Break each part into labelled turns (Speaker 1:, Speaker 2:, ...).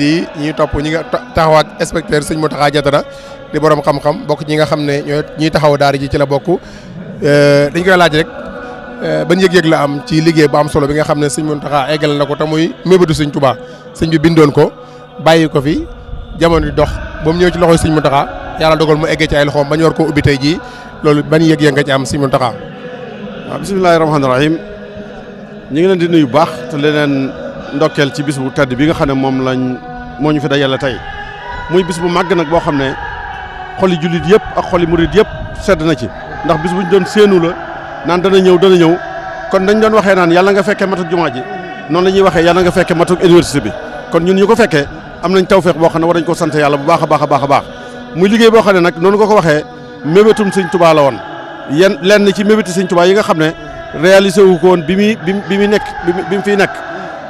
Speaker 1: di ñuy topp ñi nga taxaw ak inspecteur sëñ Mountakha Diatara di borom xam-xam bokk ñi nga xam ne ñooy ñiy taxaw daara ji ci la bokk euh, dañ koy laaj rek euh, ban yëg-yëg la am ci liggéey bu am solo bi nga xam ne sëñ Mountakha eggal na ko te muy mébétu sëñ Touba sëñ bi bindoon ko bàyyi ko fi jamono di dox ba mu ñëw ci loxoy sëñ Mountakha yàlla dogal mu eggee ci ay loxoom ba ñu war koo ubbi tey jii loolu bañ yëg-yëg nga ci am sëñ mu waaw bisimilah rahmaani rahiim ñu ngi leen di nuyu baax te ndokkeel ci bis bu
Speaker 2: tedd bi nga xam ne moom lañ moo ñu fi dajale tey muy bis bu màgg nag boo xam ne xoli jullit yëpp ak xoli murit yëpp sedd na ci ndax bis bu ñu doon séenu la naan dana ñëw dana ñëw kon dañ doon waxee naan yàlla nga fekkee matuk jumaa ji noonu la ñuy waxee yàlla nga fekkee matuk université bi kon ñun ñu ko fekke am nañ tawféex boo xam ne war nañ ko sant yàlla bu baax a baax a baax a baax muy liggéey boo xam ne nag noonu nga ko waxee mébétum sëñ tubaa la woon yenn lenn ci mébéti sëñ tubaa yi nga xam ne réalisé wu woon bi muy bi bi muy nekk bi mu fiy nekk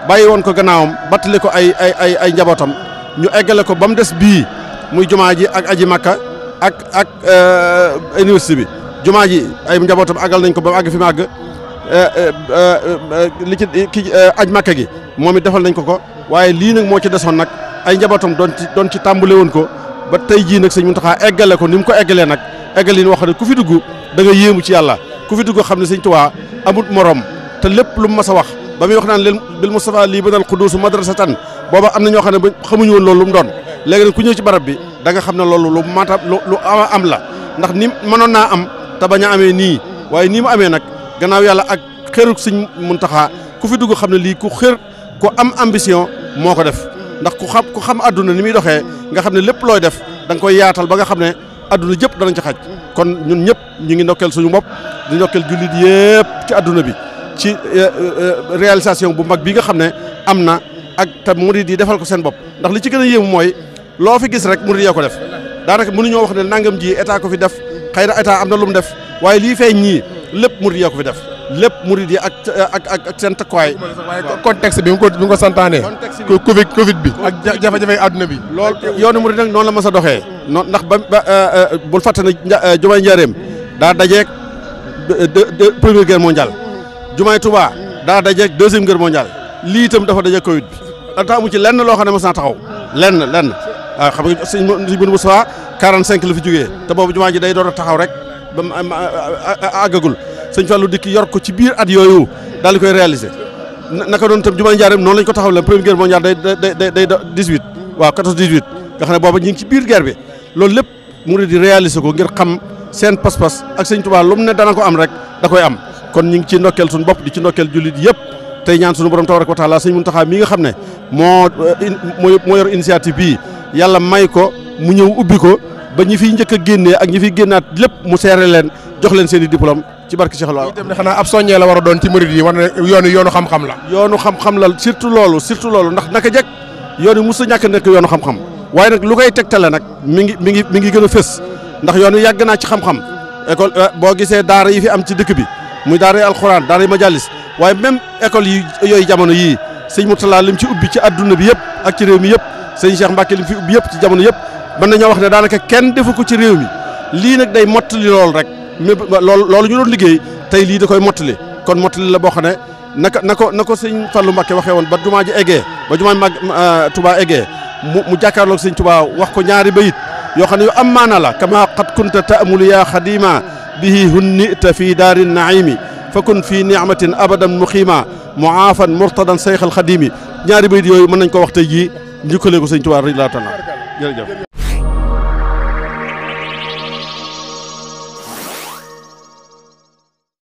Speaker 2: bàyyi woon ko gannaawam battale ko ay ay ay ay njabootam ñu eggale ko ba mu des bii muy jumaa ji ak aji makka ak ak euh, université bi jumaa ji ay njabootam àggal nañ ko ba mu àgg fi mu àgg euh, euh, ci ki aj makka gi moom it defal nañ ko ko waaye lii nag moo ci desoon nag ay njabootam doon ci doon tàmbale woon ko ba tey jii nag sëñ Muntaxa eggale ko ni mu ko eggalee nag eggal yi wax ne ku fi dugg da nga yéemu ci yàlla ku fi dugg xam ne sëñ Tuubaa amut moroom te lépp lu mu mas a wax. ba muy wax naan leen bil Moustapha lii banal xuduusu madrasatan booba am na ñoo xam ne ba xamuñu woon loolu mu doon léegi nag ku ñëw ci barab bi da nga xam ne loolu lu mata lu ama am la ndax ni mënoon naa am te bañ amee nii waaye nii mu amee nag gannaaw yàlla ak xëruk Sëñ Muntaxa ku fi dugg xam ne lii ku xër ku am ambition moo ko def ndax ku xam ku xam àdduna ni muy doxee nga xam ne lépp looy def danga koy yaatal ba nga xam ne àdduna jëpp danañ ci xaj kon ñun ñëpp ñu ngi ndokkeel suñu bopp di ndokkeel jullit ci àdduna bi ci euh, euh, réalisation bu mag bi nga xam ne am na ak te murid yi defal ko seen bopp ndax li ci gën a yéemu mooy loo fi gis rek murid yaa ko def daanaka mënuñoo wax ne nangam ji état ko fi def xëy na état am na lu mu def waaye lii feeñ ñi lépp murid yaa ko fi def lépp murid yi ak ak ak ak seen takkuwaay. waaye contexte bi mu ko bi mu ko santaane. covid covid bi. ak jafe-jafe adduna bi. loolu yoonu murid nag noonu la mas a doxee. noonu ndax ba ba euh, bul fàtte ne Jumaay Njaareem daa dajeeg de de première guerre jumaay Touba daa dajeeg deuxième guerre mondiale lii itam dafa dajeeg Covid bi ci lenn loo xam ne mos naa taxaw lenn lenn waaw ah, xam nga sëñ Mbir Moussa 45 la fi jógee te boobu jumaa ji day door a taxaw rek ba mu àggagul sëñ Fallou dikk yor ko ci biir at yooyu daal di koy réaliser naka doon itam jumaa Njaareem noonu lañ ko taxaw la première guerre mondiale day day day ngi ci biir guerre bi loolu lépp mu ngi di ko ngir xam seen pas-pas ak sëñ Touba lu ne dana ko am rek da koy am. kon ñu ngi ci ndokkeel suñu bopp di ci ndokkeel jullit yëpp tey ñaan suñu borom tabaraka wa taala sëñ Muntaxa mi nga xam ne moo eh, moo yor initiative bii yàlla may ko mu ñëw ubbi ko ba ñi fi njëkk a génnee ak ñi fi génnaat lépp mu seere leen jox leen seen i diplôme ci barke Cheikh Law dem ne xanaa ab soññee la war a doon ci murid yi war na yoonu yoonu xam-xam la yoonu xam-xam la surtout loolu surtout loolu ndax naka jekk yoonu mosu ñàkk nekk yoonu xam waaye nag lu koy tegtale nag mi ngi mi ngi mi ngi gën a fës ndax yoonu yàgg naa ci xam-xam école eh, boo gisee daara yi fi am ci dëkk bi muy daaray alxuraan daaray majalis waaye même école yi yooyu jamono yii sëñ Mourtala lim ci ubbi ci àdduna bi yëpp ak ci réew mi yëpp sëñ Cheikh Mbacke lim fi ubbi yëpp ci jamono yëpp mën nañoo wax ne daanaka kenn defu ko ci réew mi lii nag day mottali lool rek mais loolu loolu ñu doon liggéey tey lii da koy mottali kon mottali la boo xam ne naka na ko na ko sëñ Fallou Mbacke waxee woon ba jumaa ji eggee ba jumaa mag ah, tubaa eggee mu mu jàkkaarloog sëñ Touba wax ko ñaari bayit yoo xam ne yu am maana la kama qad kunta taamulu yaa xadima bihi hunnita fi daari naimi fa kun fii niamatin abadan muqima muaafan murtadan seyxal xadimi ñaari bayit yooyu mën nañ ko wax tey jii njukkalee ko sëñ Tuubaa radiallahu taala
Speaker 1: jërëjëf